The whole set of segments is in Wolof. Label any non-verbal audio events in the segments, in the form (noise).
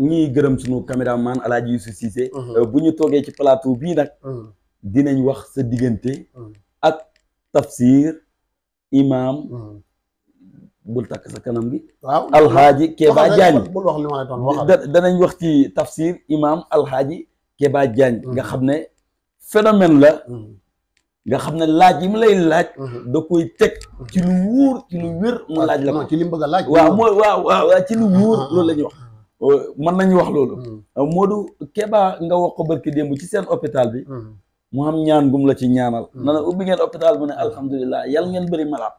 ñuy gërëm suñu caméraman El Hadj Youssou Cissé. Euh, bu ñu toogee ci plateau bii nag. dinañ wax sa diggante. ak tafsir imaam. bul takk sa kanam bi waaw alxaaji Keba Diagne bul wax li ma danañ wax ci tafsir imaam alxaaji Keba Diagne. nga xam ne phénomène la. nga xam ne laaj yi mu lay laaj. da koy teg ci lu wóor ci lu wér mu laaj la ko. ci li mu bëgg a laaj. waaw mooy ci lu wóor loolu la ñuy wax. Euh, mën nañu wax loolu. Hmm. Euh, Modou Keba nga wax ko barki démb ci seen hôpital bi. Hmm. mu am ñaan gum la ci ñaanal. Hmm. na la ubbi ngeen hôpital mu ne alhamdulilah yal ngeen bëri malaat.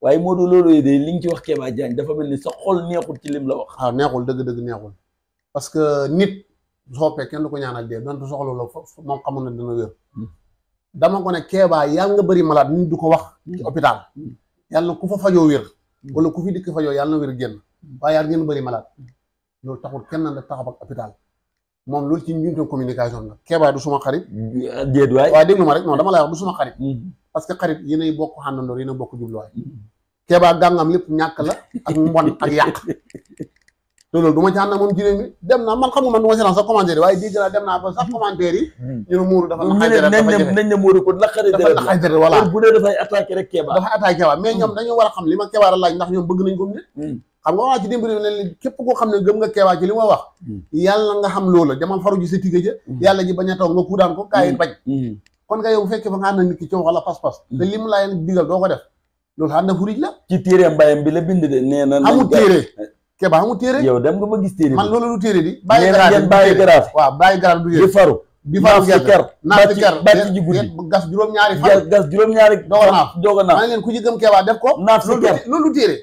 waaye Modou loolu yi de li nga ci wax Keba Diagne dafa mel ni sa xol neexul ci lim la wax. Ah, neexul dëgg-dëgg neexul parce que nit soppee kenn du ko ñaanal dee donte soxla la foofu moom xamoon na dina wér. dama ko ne Keba yal nga bëri malaat nit du ko wax. ci hôpital yal na ku fa fajoo wér. wala ku fi dikk fajoo yal na wér génn. waaye yal ngeen bëri malaat. loolu taxul kenn nag taxaw ak hôpital mom loolu ci njuumte communication la Keba du suma xarit. déet way wa déglu ma rek non dama lay wax du suma xarit. Hmm. parce que xarit yéenay bokk xàndandoor yéenay bokk way Keba gangam lepp ñak la ak mbon ak yak (laughs) te loolu du ma ci ànd ak moom jigéen bi dem na man xamul man du ma seetaan sax commentaire yi waaye dégg dem na ba sa commentaire yi. Hmm. ñu ne dafa naxay dara dafa jafe nañ ne muuru ko la xare de la dara wala bu dee dafay attaquer rek Keba. dafa attaquer wa mais ñom dañu wara xam lima Keba la laaj ndax ñom bëgg nañ ko mu xam nga waa ci démb ne leen képp koo xam ne gëm nga keebaa ci li ma wax hmm. yàlla nga xam loola jamal faru ji sa tigga ja hmm. yàlla ji bañ a taw nga kuudaan ko kaa yi bañ hmm. kon nga yow bu fekkee fa nga ànd nit ki coow li mu laa yeen digal doo ko def loolu ànd furij la ci téere mbayam bi la bind de nee na amul téere eh. keebaa amul téere yow dem nga ba gis téere man loolu du téere di bàyyi garaaf bàyyi garaaf waaw bàyyi garaaf du di faru di faru gerte naaf ci ker bàcc ci guddi gas juróom-ñaari fan gas juróom-ñaari doog a naaf leen ku ci gëm keebaa def ko naaf ci loolu téere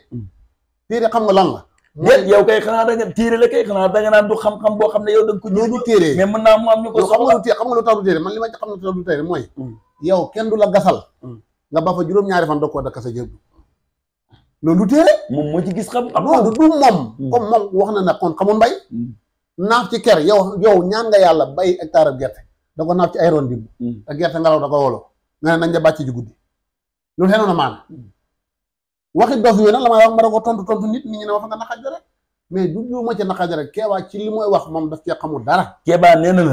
téere xam nga lan la. déet yow kay xana da nga téere la kay xana da nga nan du xam-xam bo xam ne yow da nga ko. ñu du mais mën naa mu am ñuko ñu lu soxla xam nga lu tax du man lima ci xam ne du téere moy mm. yow kenn du la gasal. Mm. nga ba fa juroom ñaari fan da ko da kassa jébbu. non du téere. mom mo ci gis xam-xam. loolu du mom mm. comme mom wax na na kon xamone bay naaf ci ker yow yow ñaan nga yalla bay hectare ab gerte da ko naaf ci ay ron ak te gerte ngelaw da ko wolo nga nañ ja bacci ji guddi lu xëy na maanaam waxi dof yooyu na la may wax ma da ko tontu tontu nit nit ñi ne wax fa nga naqaj rek mais du lu ma ca naqaj rek keebaa ci li mooy wax moom daf cee xamul dara. keebaa nee na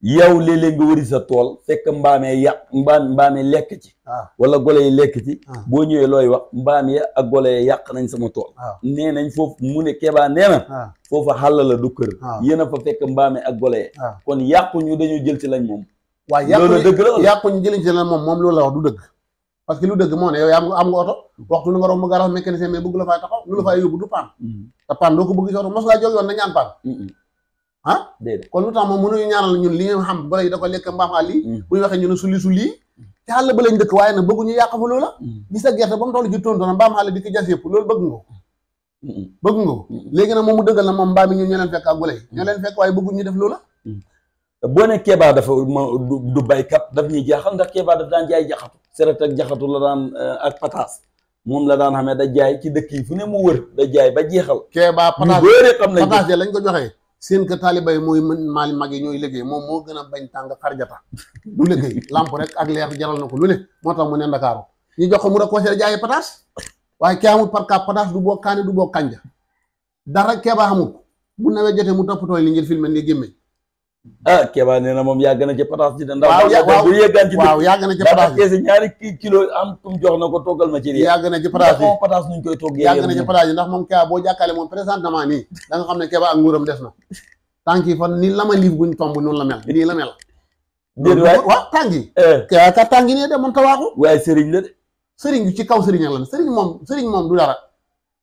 yow léeg-léeg nga wëri sa tool fekk mbaamee yàq mbaam mbaamee lekk ci. Ah. wala gole yi lekk ci. Ah. boo ñëwee looy wax mbaam ya ak gole yàq nañ sama tool. Ah. nee nañ foofu mu ne keebaa nee na. foofu xàll la du kër. yéen a fa fekk mbaamee ak gole yi. kon yàqu ñu dañoo jël ci lañ moom. waaw yàqu ñu loolu dëgg la yàqu ñu jëliñ ci moom moom loolu la wax du dëgg parce que lu dëgg moo ne yow yaa am nga oto waxtu na nga romb garage mécanicien mais bëgg faa taxaw lu la faa yóbbu du paan mm-hmm. te paan doo ko bëgg ci oto mm-hmm. ah? li mm-hmm. ñu xam mbaam àll dëkk waaye nag bëgguñu yàq fa loola gis gerte ba mu toll ci tóntoona mbaam àll di ko jas yëpp loolu bëgg nga bëgg léegi nag moom mu dëggal na moom mbaam yi ñun ñoo leen fekk ak gule yi ñoo leen fekk waaye bëgguñu def loola boo ne Kéba dafa du baykat daf ñuy jaaxal ndax Kéba daf daan jaay jaxatu seret ak jaxatu la daan euh, ak pataas moom la daan xamee da jaay ci dëkk yi fu ne mu wër da jaay ba jeexal. Kéba pataas pataas lañ ko joxee. seen ka taaliba yi mooy maali mag yi ñooy liggéey moom moo gën a bañ tàng xarjata lu liggéey lamp rek ak leer jaral na ko lu ne moo tax mu ne Ndakaaru ñu jox ko mu reconcé jaayi pataas waaye kee amul par cas pataas du boo kaani du boo kanja dara Kéba amul bu nawet jotee mu toppatoo li ngeen filmé ni gémmee ah Kéba nee na moom yàgg na ci pataas ji de ndax bu yeggaan ci waaw yàgg na ci pataas ji ñaari ma ci lii yàgg na ci pataas yi pataas nuñ koy toggee yàgg na ci pataas yi ndax moom Kéba boo jàkkaale moom présentement nii da nga xam ne Kéba ak des na tànk fan ni lama liif buñ tomb noonu la mel nii la mel déet waay waaw tànk yi eh. Kéba ka tànk yi de man tawaaxu waaye sëriñ la de ci kaw sëriñ ak lan sëriñ moom sëriñ moom du dara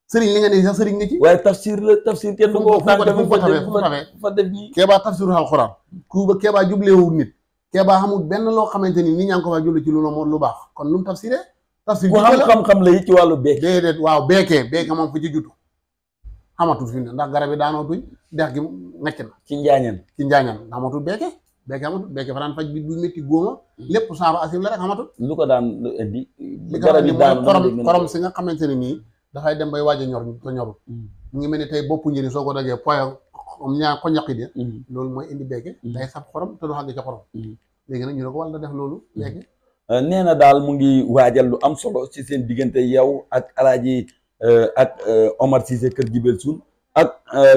sëriñ li nga ne sax sëriñ nga ci. waaye tafsir la tafsir kenn du ko. fu ko def keebaa tafsiru benn loo xamante ni nit ñaa ngi ko fa jublu ci lu noonu lu baax kon lu mu tafsiree. tafsir ku xam xam-xam la ci wàllu beek. déedéet waaw beekee beekee moom fu ci jutu. xamatul fi mu ci njaañan ci njaañan xamatul beekee. beekee amatul beekee bi bu métti góoma. Mm. lépp saaba asim la rek xamatul. lu ko daan indi. garab yi daan korom korom si nga xamante ne nii dafay dem bay waaj a ñor te mm. mu ngi mel ni tey boppu njëriñ soo ko dagee poyo om ko ñaqi de mm. loolu mooy indi beeke mm. day sab xorom te du xàgg ca xorom léegi nag ñu ne ko wàll def loolu beeke euh, nee na daal mu ngi waajal lu am solo ci seen diggante yow ak alaaji euh, ak euh, Omar Cissé kër Jibel Suun ak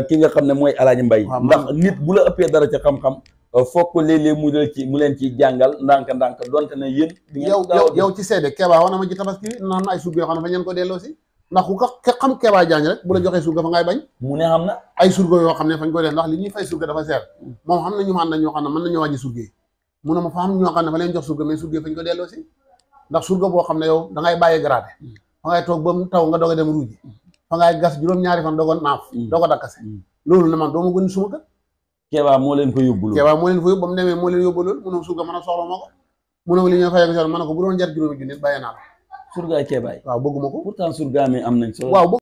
ki nga xam ne mooy alaaji Mbay ndax nit bu la ëppee dara ca xam-xam fokk léeg-léeg mu leen ci leen ci jàngal ndànk-ndànk donte na yéen yow yow ci seede keebaa wana ma ci tabaski naan na ay suub yoo xam ne fa ñeen ko delloo si ndax ku ka xam Keba Diagne rek bu la joxee surga fa ne xam na ay surga yoo xam ne fañ koy ne mën nañoo wàññi surga yi mu ne ma fa xam ñoo xam ne fa leen jox boo xam ne yow da bàyyee garaate fa ngay toog ba mu taw nga doog a dem ruuji fa ngay gas juróom-ñaari fan doog a naaf mm. doog a dakkase mm. loolu ne man doo ma gën suma kër Keba moo leen ko yóbbu loolu Keba moo leen ko yóbbu ba loolu mu ne surga mën a soxla ma ko mu ne li ñuy fayee ko mën na ko bu doon jar juróomi junni bàyyee naa ko surgaay Kébaay waaw bëgguma ko pourtant surgaam yi am nañ solo waaw